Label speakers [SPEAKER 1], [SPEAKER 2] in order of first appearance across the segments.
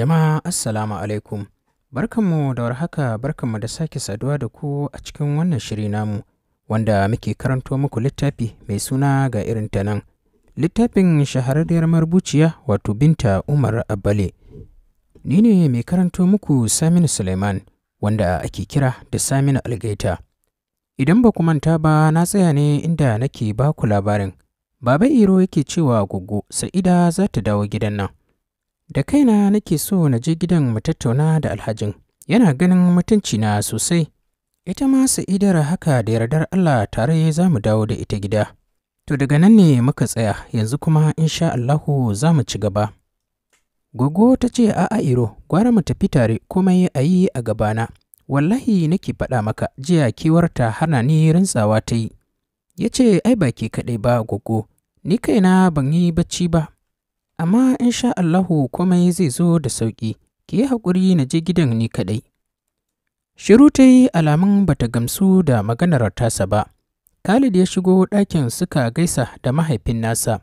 [SPEAKER 1] Jama'a Assalamu alaikum. Barkanmu da warhaka barkanmu da sake saduwa da ku a cikin wannan shiri namu wanda muke karanto muku littafi mai suna ga irin ta nan. Littafin shahararriyar marubuciya wato Binta Umar abale Ni ne mai karanto muku Saminu Suleiman wanda ake kira da Saminu Algaita. Idan ba ku manta ba na tsaya ne inda nake ba ku labarin. Baba Iro yake cewa Goggo Sa'ida za ta dawo gidan nan. da kaina nake so na je gidan mu tattauna da alhajin yana ganin mutunci na sosai ita ma sa'idar haka da yardar Allah tare za mu dawo da ita gida to daga nan ne muka tsaya yanzu kuma insha Allahu za mu ci gaba gogo ta ce a iro gwara mu tafi tare komai a yi a gabana wallahi nake faɗa maka jiya kiwarta hana ni rintsawa ta yi ya ce ai ba ke kaɗai ba gogo ni kaina ban yi bacci ba amma in sha Allahu komai zai zo da sauƙi, ki yi haƙuri na je gidan ni kaɗai. Shiru ta yi alamun bata gamsu da maganar tasa ba. Khalid ya shigo ɗakin suka gaisa da mahaifin nasa.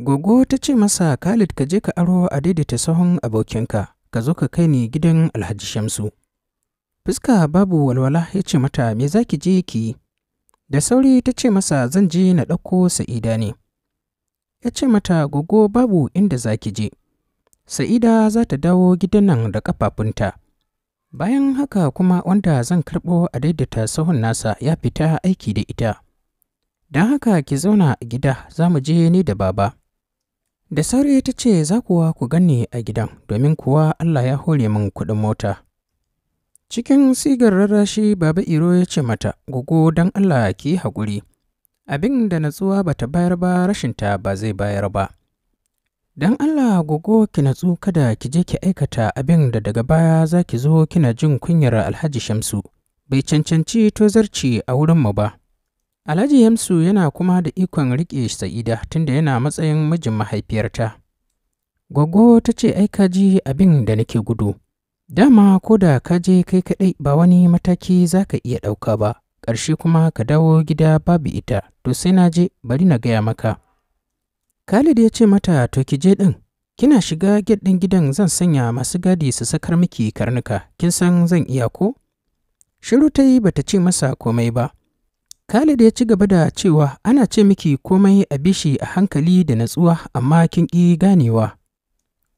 [SPEAKER 1] Gogo ta ce masa Khalid ka je ka aro a daidaita sahun abokinka, ka zo ka kai ni gidan Alhaji Shamsu. Fuska babu walwala ya ce mata me za ki je ki Da sauri ta ce masa zan je na ɗauko sa'ida ne. ya ce mata gogo babu inda za ki je. Sa'ida za ta dawo gidan nan da ƙafafunta. Bayan haka kuma wanda zan karɓo a daidaita sahun nasa ya fita aiki da ita. Don haka ki zauna a gida za mu je ni da baba. Da sauri ta ce za kuwa ku ganni a gidan domin kuwa Allah ya hore min kuɗin mota. Cikin sigar rarrashi Baba Iro ya ce mata, Gogo don Allah ki haƙuri, abin da natsuwa ba ta bayar ba rashinta ba zai bayar ba don allah gogo ki natsu kada ki je ki aikata abin da daga baya za ki zo kina jin kunyar alhaji shamsu bai cancanci tozarci a wurinmu ba alhaji shamsu yana kuma da ikon riƙe sa'ida tunda yana matsayin mijin mahaifiyarta Gogo ta ce ai ji abin da nake gudu. Dama ko da ka je kai kaɗai ba wani mataki za ka iya ɗauka ba, ƙarshe kuma ka dawo gida babu ita to sai na je bari na gaya maka Khalid ya ce mata to ki je ɗin kina shiga gate ɗin gidan zan sanya masu gadi su sakar miki karnuka kin san zan iya ko shiru ta yi bata ce masa komai ba Khalid ya ci gaba da cewa ana ce miki komai a bishi a hankali da natsuwa amma kin ƙi ganewa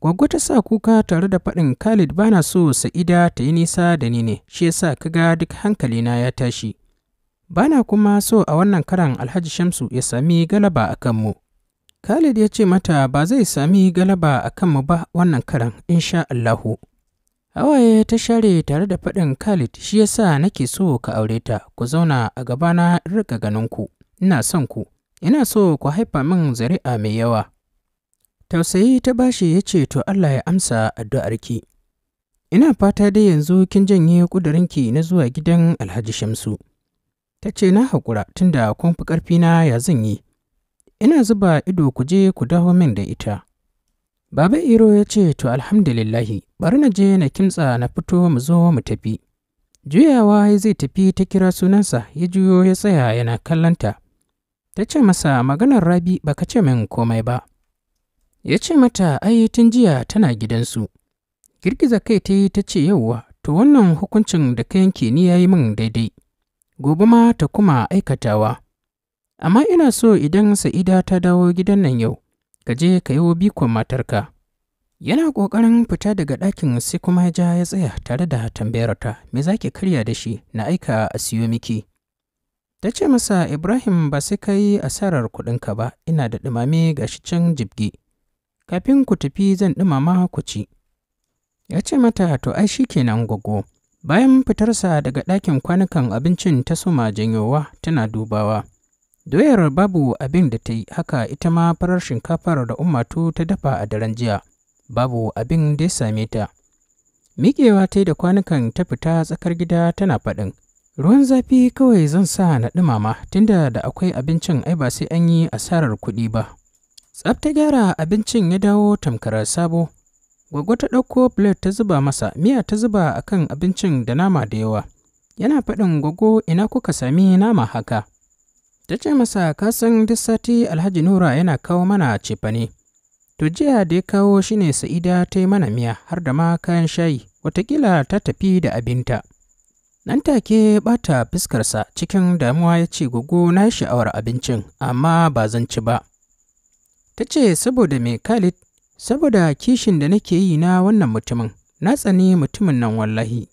[SPEAKER 1] Gwaggo ta sa kuka tare da faɗin Khalid bana so Sa'ida ta yi nisa da ni ne, shi yasa kaga duk hankalina ya tashi. Bana kuma so a wannan karan Alhaji Shamsu ya sami galaba a kanmu. Khalid ya ce mata ba zai sami galaba a kanmu ba wannan karan insha Allahu. Hawaye ta share tare da faɗin Khalid shi yasa nake so ka aure ta ku zauna a gabana in ganin ku. Ina son ku. Ina so ku haifa min zari'a mai yawa. Tausayi ta bashi ya ce to Allah ya amsa addu'arki. Ina fata dai yanzu kin janye ƙudurinki na zuwa gidan Alhaji Shamsu. ta ce na haƙura tunda kun fi ƙarfina ya zan yi ina zuba ido ku je ku dawo min da ita baba iro ya ce to alhamdulillahi bari na je na kimtsa na fito mu zo mu tafi juyawa ya zai tafi ta kira sunansa ya juyo ya tsaya yana kallanta ta ce masa maganar rabi baka ce min komai ba ya ce mata ai tun jiya tana gidansu girgiza kai ta yi ta ce yauwa to wannan hukuncin da ka yanke ni ya yi min daidai gobe ma ta kuma aikatawa. Amma ina so idan Sa'ida ta dawo gidan nan yau, ka je ka yi bikon matarka. Yana ƙoƙarin fita daga ɗakin sai kuma ja ya tsaya tare da tambayarta, me za ki karya da shi na aika a siyo miki. Ta ce masa Ibrahim ba sai ka yi asarar kuɗinka ba, ina da ɗumame ga shi can jibgi. Kafin ku tafi zan ɗumama ku ci. Ya ce mata to ai shi kenan gwaggo. Bayan fitarsa daga ɗakin kwanukan abincin ta suma janyowa tana dubawa. Doyar babu abin da ta yi haka ita ma farar shinkafar da ummatu ta dafa a daren jiya. Babu abin da ya same ta. Miƙewa ta yi da kwanukan ta fita tsakar gida tana faɗin. Ruwan zafi kawai zan sa na ɗumama tunda da akwai abincin ai ba sai an yi asarar kuɗi ba. Tsaf gyara abincin ya dawo tamkarar sabo. Gwaggo ta ɗauko blade ta zuba masa, miya ta zuba a kan abincin da nama da yawa. Yana faɗin gwagwo, ina kuka sami nama haka. Ta ce masa kasan duk sati Alhaji Nura yana kawo mana cefane. To jiya da ya kawo shine Sa'ida ta yi mana miya har da ma kayan shayi, watakila ta tafi da abinta. Nan take ɓata fuskarsa cikin damuwa ya ce gwagwo na sha'awar abincin, amma ba zan ci ba. Ta ce saboda mai Khalid saboda kishin da nake yi na wannan mutumin na tsani mutumin nan wallahi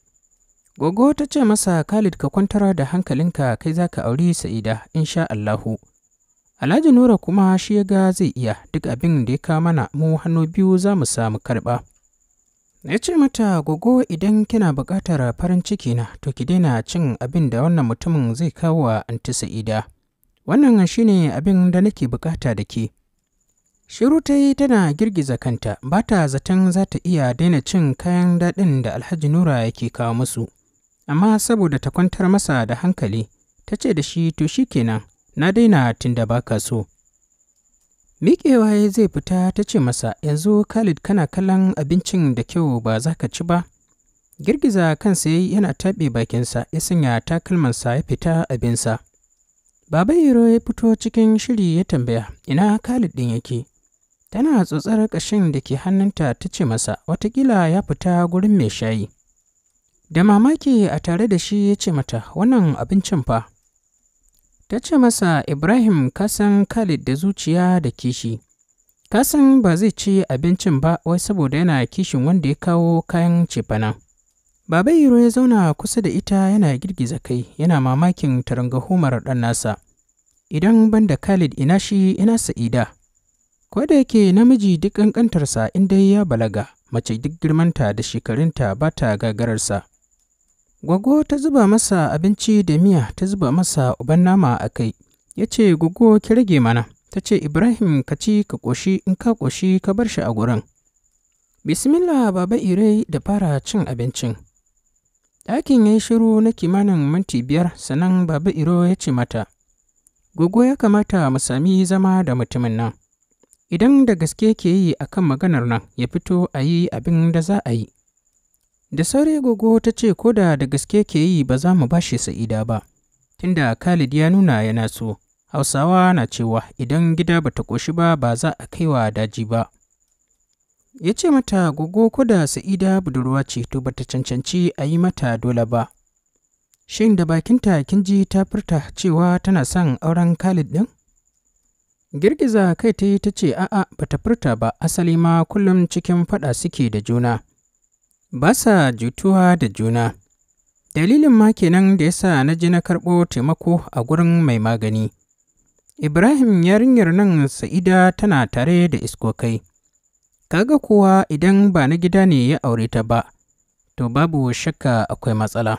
[SPEAKER 1] gogo ta ce masa khalid ka kwantar da hankalinka kai za ka auri sa'ida insha allahu alhaji nura kuma shi ya ga zai iya duk abin da ya kawo mana mu hannu biyu za mu samu karɓa ya ce mata gogo idan kina buƙatar farin ciki na to ki daina cin abin da wannan mutumin zai kawo wa anti sa'ida wannan shine abin da nake buƙata da ke Shiru ta tana girgiza kanta ba ta zaton za ta iya daina cin kayan daɗin da Alhaji Nura yake kawo musu. Amma saboda ta kwantar masa da hankali, ta ce da shi to shi kenan, na daina tun da ba ka so. Miƙewa ya zai fita ta ce masa yanzu Khalid kana kallon abincin da kyau ba za ka ci ba. Girgiza kansa ya yana taɓe bakinsa ya sanya takalmansa ya fita abinsa. Baba Iro ya fito cikin shiri ya tambaya ina Khalid ɗin yake. Tana tsotsar ƙashin da ke hannunta ta ce masa, watakila ya fita gurin mai shayi. Da mamaki a tare da shi ya ce mata, wannan abincin fa. Ta ce masa, Ibrahim kasan Khalid da zuciya da kishi. Kasan ba zai ci abincin ba wai saboda yana kishin wanda ya kawo kayan cefana. Baba Iro ya zauna kusa da ita yana girgiza kai, yana mamakin tarangahumar ɗan nasa. Idan ban da Khalid ina shi ina sa'ida. yake namiji duk ƙanƙantarsa in dai ya balaga, mace duk girmanta da shekarunta ba ta gagararsa. Gwaggo ta zuba masa abinci da miya ta zuba masa uban nama a kai, ya ce gwaggo ki rage mana, ta ce Ibrahim ka ci ka ƙoshi in ka ƙoshi ka bar shi a gurin. Bismillah baba ire da fara cin abincin. Ɗakin ya yi shiru na kimanin minti biyar sannan baba iro ya ce mata, Gwaggo ya kamata mu sami zama da mutumin nan. idan da gaske ke yi a kan maganar nan ya fito a yi abin da za a yi da sauri gogo ta ce ko da da gaske ke yi ba za mu bashi sa'ida ba tunda khalid ya nuna yana so hausawa na cewa idan gida ba ta ƙoshi ba ba za a kai wa daji ba ya ce mata gogo ko da sa'ida budurwa ce to ba ta cancanci a yi mata dole ba shin da bakinta kin ji ta furta cewa tana son auren khalid ɗin Girgiza kai ta yi ta ce a'a ba ta furta ba asali ma kullum cikin faɗa suke da juna. Ba sa jutuwa da juna. Dalilin ma kenan da yasa na ji na karɓo taimako a gurin mai magani. Ibrahim yarinyar nan Sa'ida tana tare da iskokai. Kaga kuwa idan ba na gida ne ya aure ta ba, to babu shakka akwai matsala.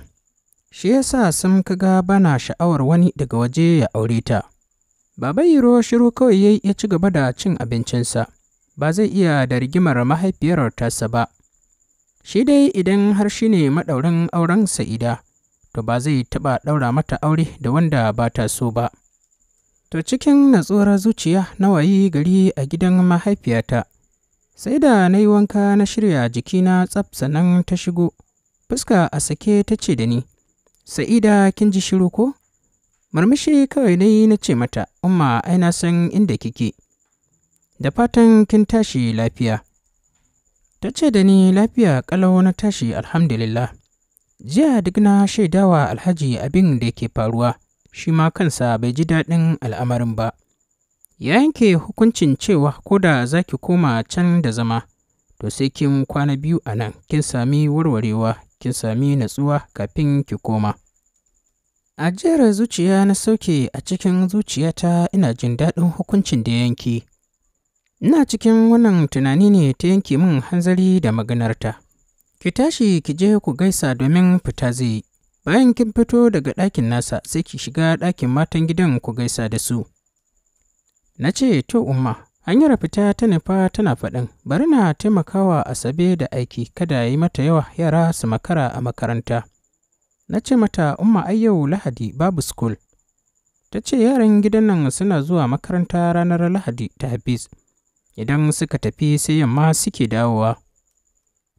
[SPEAKER 1] Shi yasa sun kaga bana sha'awar wani daga waje ya aure ta. Baba Iro shiru kawai ya ya ci gaba da cin abincinsa, ba zai iya da rigimar mahaifiyar tasa ba. Shi dai idan har shi ne maɗaurin auren Sa'ida, to ba zai taɓa ɗaura mata aure da wanda ba ta so ba. To cikin natsuwar zuciya na wayi gari a gidan mahaifiyata, sai da na yi wanka na shirya jikina tsaf sannan ta shigo, fuska a sake ta ce da ni, Sa'ida kin ji shiru ko? Murmushi kawai na yi na ce mata, Umma ai na san inda kike, da fatan kin tashi lafiya. Ta ce da ni lafiya ƙalau na tashi alhamdulillah. Jiya duk na shaidawa alhaji abin da ke faruwa, shi ma kansa bai ji daɗin al'amarin ba. Ya yanke hukuncin cewa ko da za ki koma can da zama, to sai kin kwana biyu a nan, kin sami warwarewa, kin sami natsuwa kafin ki koma. ajiyar zuciya na sauke a cikin zuciyata ina jin daɗin hukuncin da yanke ina cikin wannan tunani ne ta yanke min hanzari da maganarta ki tashi ki je ku gaisa domin fita zai bayan kin fito daga ɗakin nasa sai ki shiga ɗakin matan gidan ku gaisa da su na ce to umma hanyar fita ta nufa tana faɗin bari na taimakawa asabe da aiki kada yi mata yawa yara su makara a makaranta Na ce mata, Umma ai yau Lahadi babu skul. Ta ce yaran gidan nan suna zuwa makaranta ranar Lahadi ta Hafiz. Idan suka tafi sai yamma suke dawowa.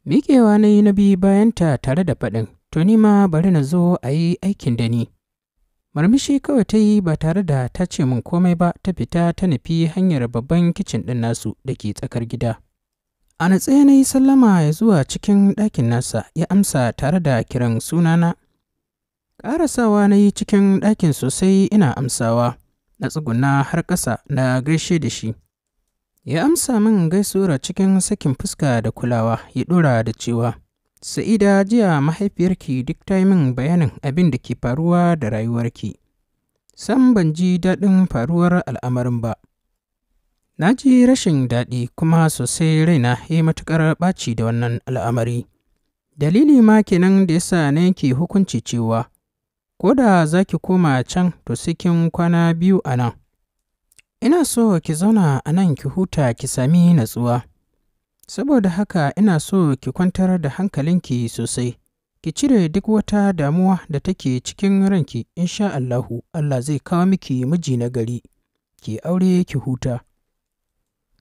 [SPEAKER 1] Miƙewa na yi na biyu bayanta tare da faɗin, to ni ma bari na zo a yi aikin da ni. Marmishi kawai ta yi ba tare da ta ce min komai ba ta fita ta nufi hanyar babban kicin ɗin nasu da ke tsakar gida. A natsaye na yi sallama ya zuwa cikin ɗakin nasa ya amsa tare da kiran sunana Ƙarasawa na yi cikin ɗakin sosai ina amsawa, na tsuguna har ƙasa na gaishe da shi. Ya amsa min gaisuwar cikin sakin fuska da kulawa ya ɗora da cewa, Sa'ida jiya mahaifiyarki duk ta min bayanin abin da ke faruwa da rayuwarki. San ban ji daɗin faruwar al'amarin ba. Na ji rashin daɗi kuma sosai raina ya yi matuƙar ɓaci da wannan al'amari. Dalili ma kenan da yasa na yanke hukunci cewa ko da za ki koma can to cikin kwana biyu a nan. Ina so ki zauna a nan ki huta ki sami natsuwa. Saboda haka ina so ki kwantar da hankalinki sosai, ki cire duk wata damuwa da take cikin ranki, insha Allahu, Allah zai kawo miki miji na gari, ki aure ki huta.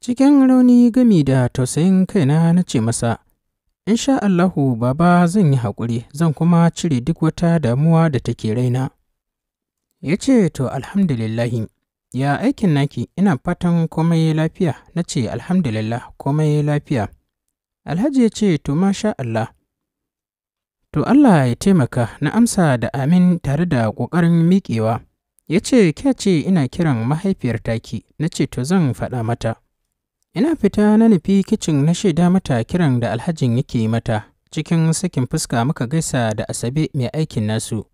[SPEAKER 1] Cikin rauni gami da tausayin kaina na ce masa, sha Allahu baba zan yi haƙuri zan kuma cire duk wata damuwa da take raina. Ya ce to alhamdulillahi ya aikin naki ina fatan komai lafiya na ce alhamdulillah komai lafiya. Alhaji ya ce to masha Allah. To Allah ya taimaka na amsa da amin tare da ƙoƙarin miƙewa. Ya ce ce ina kiran mahaifiyar taki na ce to zan faɗa mata. Ina fita na nufi kicin na shaida mata kiran da alhajin yake mata, cikin sakin fuska muka gaisa da asabe mai aikin nasu.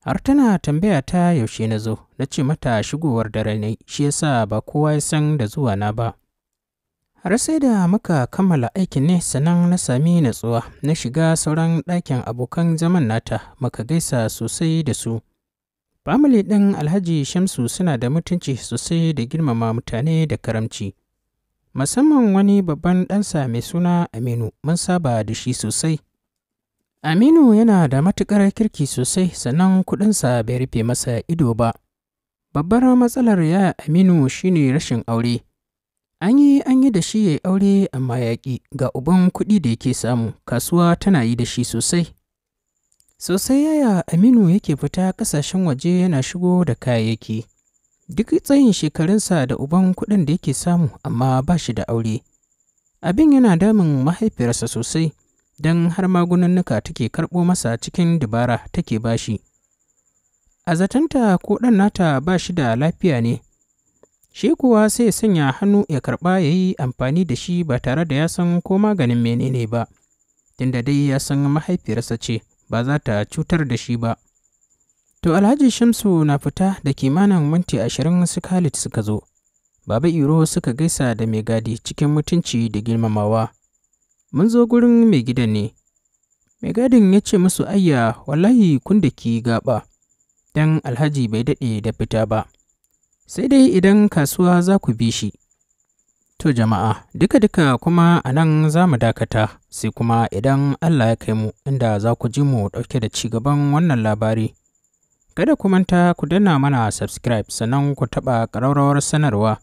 [SPEAKER 1] Har tana tambaya ta yaushe na zo, na ce mata shigowar da ne, shi yasa ba kowa ya san da zuwa na ba. Har sai da muka kammala aikin ne sannan na sami natsuwa, na shiga sauran ɗakin abokan zaman nata, muka gaisa sosai da su. Famili ɗin Alhaji Shamsu suna da mutunci sosai da girmama mutane da karamci. musamman wani babban ɗansa mai suna Aminu mun saba da shi sosai. Aminu yana da matuƙar kirki sosai sannan kuɗinsa bai rufe masa ido ba. Babbar matsalar ya Aminu shine rashin aure. An yi an yi da shi ya aure amma ya ga uban kuɗi da yake samu kasuwa tana yi da shi sosai. Sosai yaya Aminu yake fita ƙasashen waje yana shigo da kayayyaki. duk tsayin shekarunsa da uban kuɗin da yake samu amma ba shi da aure abin yana damun mahaifiyarsa sosai don har magununnuka take karɓo masa cikin dabara take bashi a zatanta ko ɗan nata ba shi da lafiya ne shi kuwa sai sanya hannu ya karɓa ya yi amfani da shi ba tare da ya san ko maganin menene ba tunda dai ya san mahaifiyarsa ce ba za ta cutar da shi ba To Alhaji Shamsu na fita da kimanin minti ashirin su Khalid suka zo. Baba Iro suka gaisa da mai gadi cikin mutunci da girmamawa. Mun zo gurin mai gidan ne. Mai gadin ya ce musu ayya wallahi kun da ki gaba. Dan Alhaji bai daɗe da fita ba. Sai dai idan kasuwa za ku bi shi. To jama'a, duka-duka kuma a nan za mu dakata, sai kuma idan Allah ya kai mu inda za ku ji mu ɗauke da ci gaban wannan labari. Kada ku manta ku danna mana subscribe sannan ku taɓa ƙararrawar sanarwa.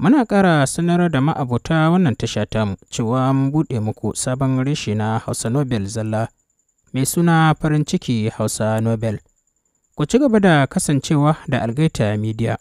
[SPEAKER 1] Muna ƙara sanar da ma'abuta wannan tasha tamu cewa mun buɗe muku sabon reshe na Hausa Nobel zalla mai suna farin ciki Hausa Nobel. Ku ci gaba da kasancewa da Algaita Media.